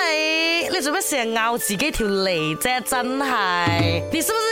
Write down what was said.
你你，做乜成日咬自己條脷啫？真係，你是不是？